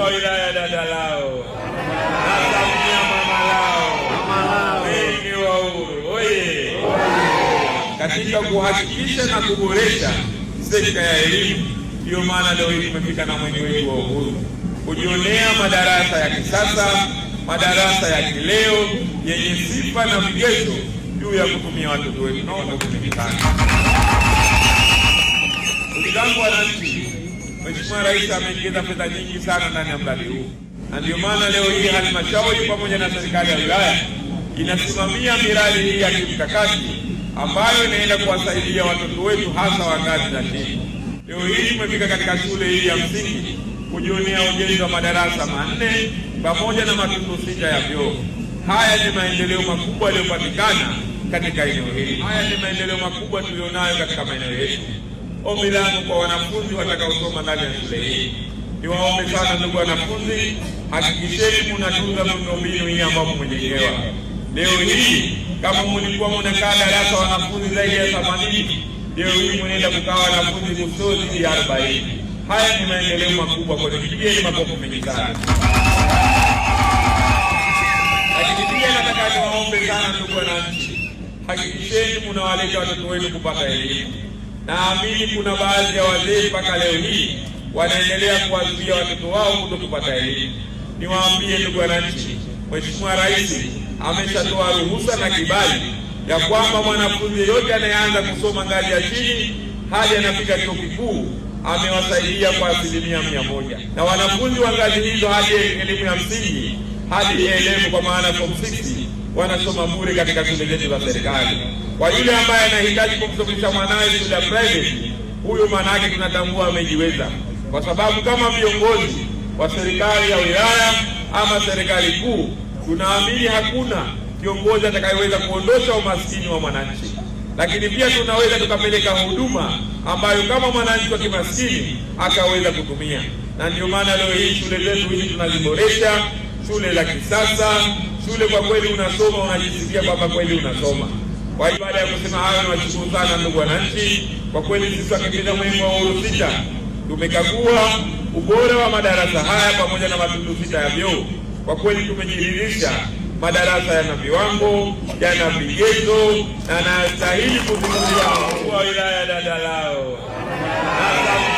wa wilaya lao, asamia mama wa Uhuru oye! Katika kuhakikisha na kuboresha sekta ya elimu, ndiyo maana leo hii tumefika na mwenge wetu wa Uhuru kujionea madarasa ya kisasa, madarasa ya kileo yenye sifa na vigezo juu ya kutumia watoto wetu. Naona kutumikana, ndugu zangu wananchi Mheshimiwa Rais ameingiza fedha nyingi sana ndani ya mradi huu, na ndio maana leo hii halmashauri pamoja na serikali ya wilaya inasimamia miradi hii ya kimkakati ambayo inaenda kuwasaidia watoto wetu hasa wa ngazi za chini. Leo hii tumefika katika shule hii ya msingi kujionea ujenzi wa madarasa manne pamoja na matundu sita ya vyoo. Haya ni maendeleo makubwa yaliyopatikana katika eneo hili. Haya ni maendeleo makubwa tuliyonayo katika maeneo yetu ombi langu kwa wanafunzi watakaosoma ndani ya shule hii, ni waombe sana ndugu wanafunzi, hakikisheni mnatunza miundombinu hii ambapo mmejengewa. Leo hii kama mlikuwa mnakaa darasa wanafunzi zaidi ya themanini, leo hii mnaenda kukaa wanafunzi kusozidi ya arobaini. Haya ni maendeleo makubwa kwetu, pigeni makofi mengi sana. Lakini pia nataka niwaombe sana ndugu wananchi, hakikisheni mnawaleta watoto wenu kupata elimu. Naamini kuna baadhi ya wazee mpaka leo hii wanaendelea kuwazuia watoto wao kuto kupata elimu. Niwaambie ndugu wananchi, Mheshimiwa Rais ameshatoa ruhusa na kibali ya kwamba mwanafunzi yeyote anayeanza kusoma ngazi ya chini hadi anafika chuo kikuu amewasaidia kwa asilimia mia moja, na wanafunzi wa ngazi hizo hadi elimu ya msingi hadi elimu kwa maana form six wanasoma bure katika shule zetu za serikali. Kwa yule ambaye anahitaji kumsomesha mwanawe shule ya private, huyo maana yake tunatambua amejiweza, kwa sababu kama viongozi wa serikali ya wilaya ama serikali kuu, tunaamini hakuna kiongozi atakayeweza kuondosha umaskini wa mwananchi, lakini pia tunaweza tukapeleka huduma ambayo kama mwananchi wa kimaskini akaweza kutumia, na ndio maana leo hii shule zetu hizi tunaziboresha, shule za kisasa shule kwa kweli unasoma, unajisikia kwamba kweli unasoma. Kwa hiyo baada ya kusema hayo, nawashukuru sana ndugu wananchi. Kwa kweli sisi wakipita mwezi wa uhuru sita tumekagua ubora wa madarasa haya pamoja na matundu sita ya vyoo. Kwa kweli tumejiridhisha madarasa yana viwango, yana vigezo na yanastahili kuzinduliwa mkuu wa wilaya Dadalao.